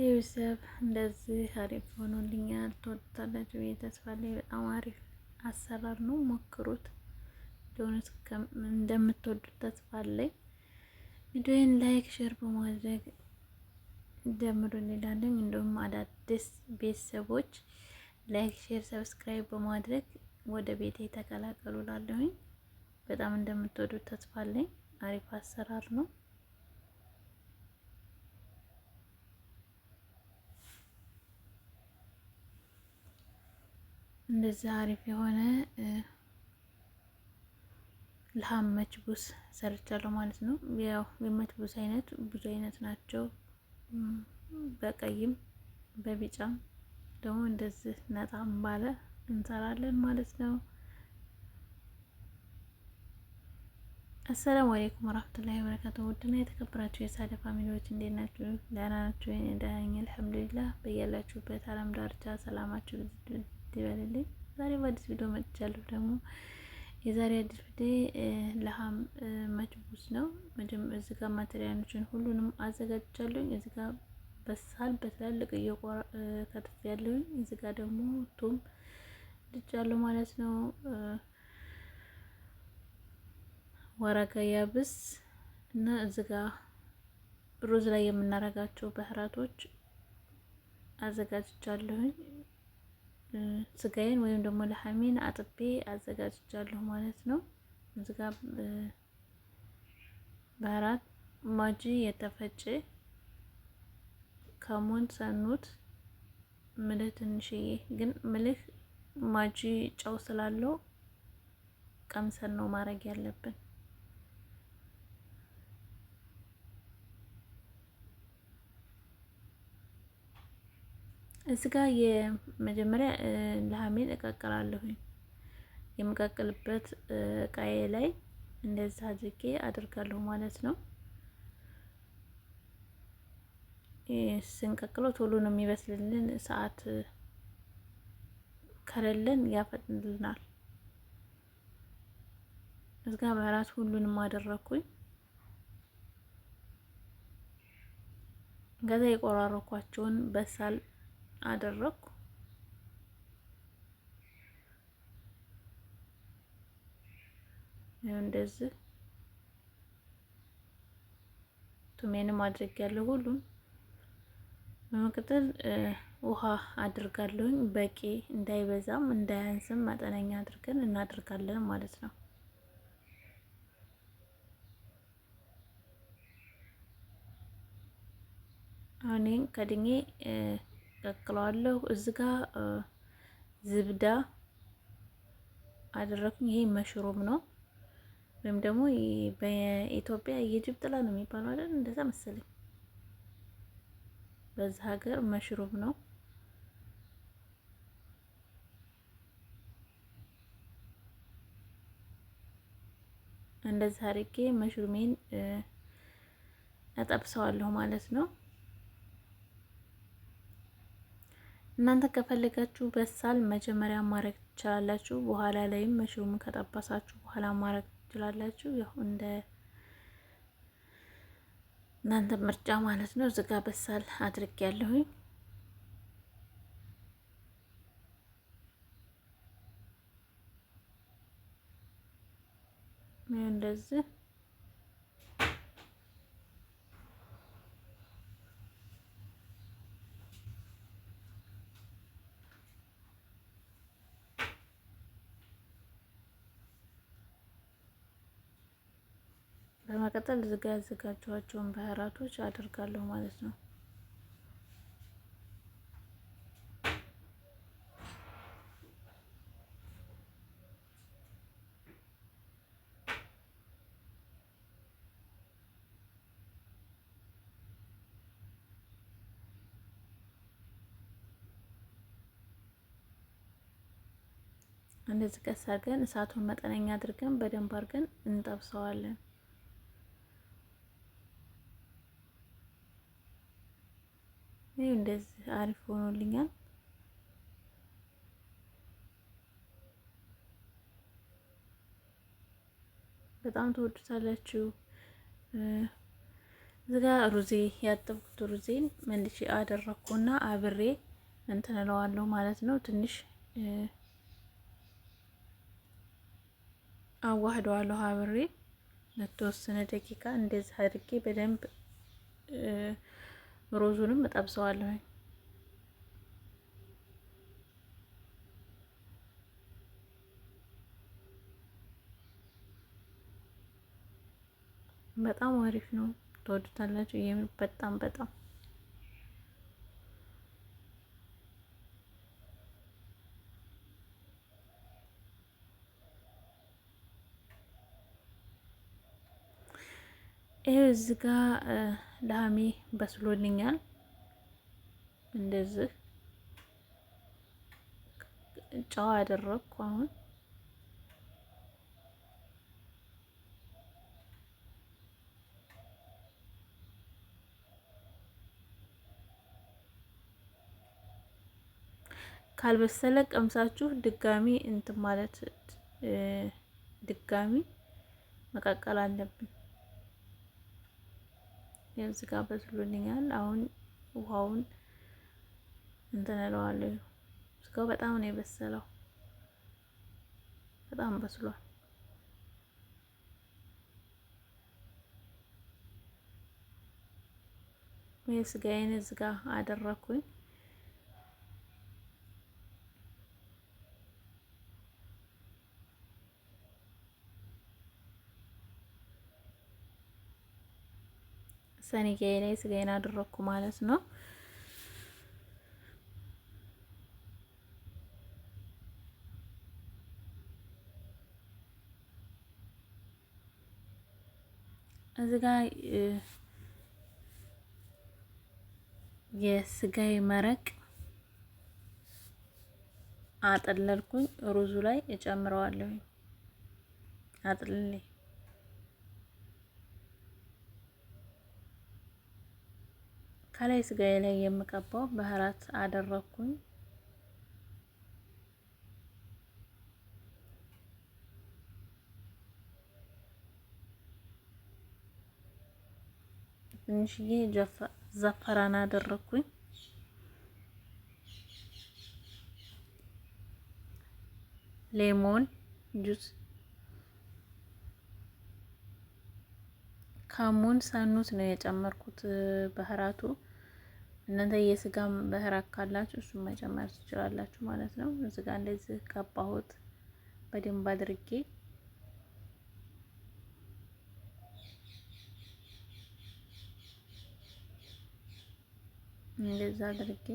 የቤተሰብ እንደዚህ አሪፍ ሆኖልኛል። ትወዱታላችሁ ብዬ ተስፋ አለኝ። በጣም አሪፍ አሰራር ነው፣ ሞክሩት። እንደሆነት እንደምትወዱት ተስፋ አለኝ። ቪዲዮን ላይክ፣ ሼር በማድረግ ጀምሩ እንላለን። እንደውም አዳዲስ ቤተሰቦች ላይክ፣ ሼር፣ ሰብስክራይብ በማድረግ ወደ ቤቴ ተቀላቀሉ። ላለሁኝ በጣም እንደምትወዱት ተስፋ አለኝ። አሪፍ አሰራር ነው። እንደዛ አሪፍ የሆነ ለሃም መችቡስ ሰርቻለሁ ማለት ነው። ያው የመችቡስ አይነት ብዙ አይነት ናቸው። በቀይም በቢጫም ደግሞ እንደዚህ ነጣም ባለ እንሰራለን ማለት ነው። አሰላሙ አሌይኩም ወራህመቱላሂ ወበረካቱ። ውድና የተከበራችሁ የሳደ ፋሚሊዎች እንዴት ናችሁ? ደህና ናችሁ? ደህና ነኝ አልሐምዱሊላህ። በያላችሁበት አለም ዳርቻ ሰላማችሁ ይበልልኝ። ዛሬ በአዲስ ቪዲዮ መጥቻለሁ። ደግሞ የዛሬ አዲስ ቪዲዮ ለሃም መጅቡስ ነው። እዚህ ጋር ማቴሪያሎችን ሁሉንም አዘጋጅቻለሁኝ። እዚህ ጋር በሳል በትላልቅ እየቆረጥኩ ያለሁኝ። እዚህ ጋር ደግሞ ቱም ልጫለሁ ማለት ነው። ወረቀ ያብስ እና እዚህ ጋር ሩዝ ላይ የምናረጋቸው ባህራቶች አዘጋጅቻለሁኝ። ስጋዬን ወይም ደግሞ ለሐሜን አጥቤ አዘጋጅቻለሁ ማለት ነው። እዚጋ በአራት ማጂ የተፈጨ ከሞን ሰኑት ምልህ ትንሽዬ ግን ምልህ ማጂ ጨው ስላለው ቀምሰን ነው ማድረግ ያለብን። እዚ ጋ የመጀመሪያ ለሀሜን እቀቅላለሁኝ። የምቀቅልበት እቃዬ ላይ እንደዚህ አድርጌ አድርጋለሁ ማለት ነው። ስንቀቅለው ቶሎ ነው የሚበስልልን። ሰዓት ከሌለን ያፈጥንልናል። እዚ ጋ በራት ሁሉንም አደረኩኝ። ከዛ የቆራረኳቸውን በሳል አደረኩ። ይኸው እንደዚህ ቱሜንም አድርጌያለሁ ሁሉም። በመቀጠል ውሃ አድርጋለሁኝ በቂ እንዳይበዛም እንዳያንስም መጠነኛ አድርገን እናደርጋለን ማለት ነው። አሁን ከድኜ አስተካክለዋለሁ። እዚ ጋር ዝብዳ አደረኩኝ። ይሄ መሽሩም ነው ወይም ደግሞ በኢትዮጵያ የጅብ ጥላ ነው የሚባለው አይደል? እንደዛ መሰለኝ። በዛ ሀገር መሽሩም ነው። እንደዚህ አድርጌ መሽሩሜን አጠብሰዋለሁ ማለት ነው። እናንተ ከፈለጋችሁ በሳል መጀመሪያ ማድረግ ትችላላችሁ። በኋላ ላይም መሽሩም ከጠበሳችሁ በኋላ ማድረግ ትችላላችሁ። ያው እንደ እናንተ ምርጫ ማለት ነው። እዚጋ በሳል አድርግ ያለሁኝ እንደዚህ በመቀጠል እዚህ ጋ ያዘጋጀኋቸውን ባህራቶች አድርጋለሁ ማለት ነው። እንደዚህ ቀስ አድርገን እሳቱን መጠነኛ አድርገን በደንብ አድርገን እንጠብሰዋለን። ይህ እንደዚህ አሪፍ ሆኖልኛል። በጣም ትወዱታላችሁ። እዚህ ጋ ሩዜ ያጠብኩት ሩዜን መልሼ አደረኩና አብሬ እንትን እለዋለሁ ማለት ነው። ትንሽ አዋህደዋለሁ አብሬ ለተወሰነ ደቂቃ እንደዚህ አድርጌ በደንብ ሮዙንም እጠብሰዋለሁ። በጣም አሪፍ ነው። ትወዱታላችሁ። የምር በጣም በጣም ይሄው እዚህ ጋ ላሜ በስሎልኛል። እንደዚህ ጨው አደረግኩ። አሁን ካልበሰለ ቀምሳችሁ ድጋሚ እንትን ማለት ድጋሚ መቀቀል አለብን። የብዝጋ በስሎልኛል። አሁን ውሃውን እንትን እለዋለሁ። ስጋው በጣም ነው የበሰለው፣ በጣም በስሏል። ይህ ስጋዬን እዝጋ አደረኩኝ። ሰንያዬ ላይ ስጋዬን አደረኩ ማለት ነው። እዚህ ጋር መረቅ አጠለልኩኝ ሩዙ ላይ እጨምረዋለሁ አጥልልኝ ከላይ ስጋዬ ላይ የምቀባው ባህራት አደረኩኝ። ትንሽዬ ዘፈራን አደረኩኝ። ሌሞን ጁስ ከሙን ሰኑት ነው የጨመርኩት ባህራቱ እናንተ የስጋ ባህር ካላችሁ እሱን መጨመር ትችላላችሁ ማለት ነው። ስጋ እንደዚህ ቀባሁት በደንብ አድርጌ እንደዛ አድርጌ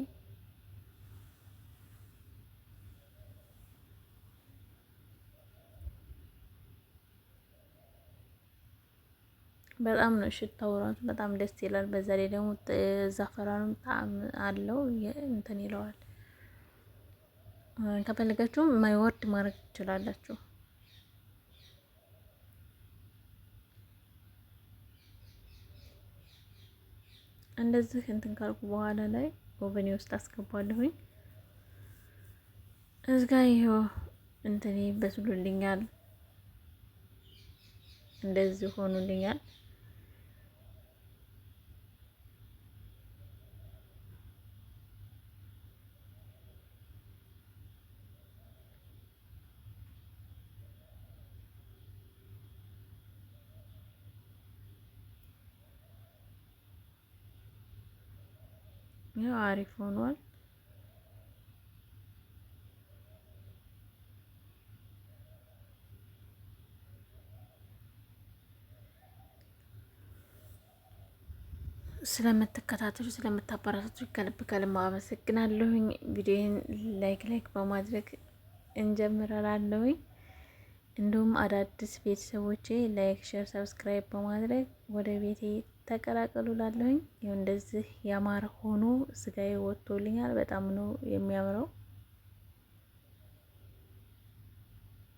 በጣም ነው ሽታው ራሱ በጣም ደስ ይላል። በዛ ላይ ደግሞ ዘፈራኑም ጣዕም አለው እንትን ይለዋል። ከፈለጋችሁም ማይወርድ ማድረግ ትችላላችሁ። እንደዚህ እንትን ካልኩ በኋላ ላይ ኦቨን ውስጥ አስገባለሁኝ። እዚጋ ጋር ይኸው እንትኔ በስሉልኛል፣ እንደዚህ ሆኑልኛል። ይኸው አሪፍ ሆኗል። ስለምትከታተሉ ስለምታበረታቱ ከልብ ከልብ አመሰግናለሁኝ። ቪዲዮን ላይክ ላይክ በማድረግ እንጀምራላለሁኝ። እንዲሁም አዳዲስ ቤተሰቦቼ ላይክ፣ ሸር፣ ሰብስክራይብ በማድረግ ወደ ቤቴ ተቀላቀሉ ላለሁኝ ይኸው እንደዚህ ያማረ ሆኖ ስጋዬ ወጥቶልኛል። በጣም ነው የሚያምረው።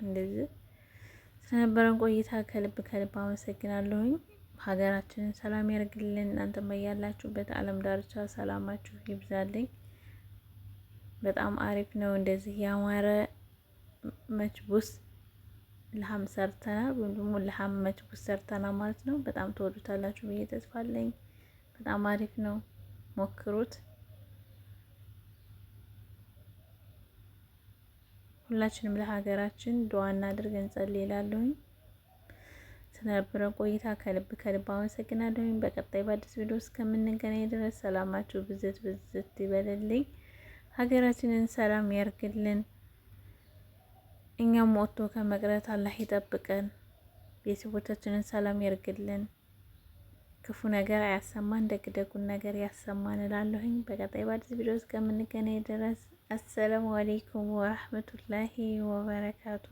እንደዚህ ስለነበረን ቆይታ ከልብ ከልብ አመሰግናለሁኝ። ሀገራችንን ሰላም ያርግልን። እናንተም በያላችሁበት ዓለም ዳርቻ ሰላማችሁ ይብዛልኝ። በጣም አሪፍ ነው እንደዚህ ያማረ መችቡስ ልሃም ሰርተናል፣ ወይም ደግሞ ልሃም መችቡስ ሰርተናል ማለት ነው። በጣም ተወዱታላችሁ ብዬ ተስፋ አለኝ። በጣም አሪፍ ነው፣ ሞክሩት። ሁላችንም ለሀገራችን ዱዓ እናድርግ፣ እንጸልይ እላለሁኝ። ስለነበረን ቆይታ ከልብ ከልብ አመሰግናለሁኝ። በቀጣይ በአዲስ ቪዲዮ እስከምንገናኝ ድረስ ሰላማችሁ ብዝት ብዝት ይበልልኝ። ሀገራችንን ሰላም ያርግልን። እኛም ወጥቶ ከመቅረት አላህ ይጠብቀን፣ ቤተሰቦቻችንን ሰላም ያርግልን፣ ክፉ ነገር አያሰማን፣ ደግ ደጉን ነገር ያሰማን እላለሁኝ። በቀጣይ በአዲስ ቪዲዮ እስከምንገናኝ ድረስ አሰላሙ አሌይኩም ወረህመቱላሂ ወበረካቱ።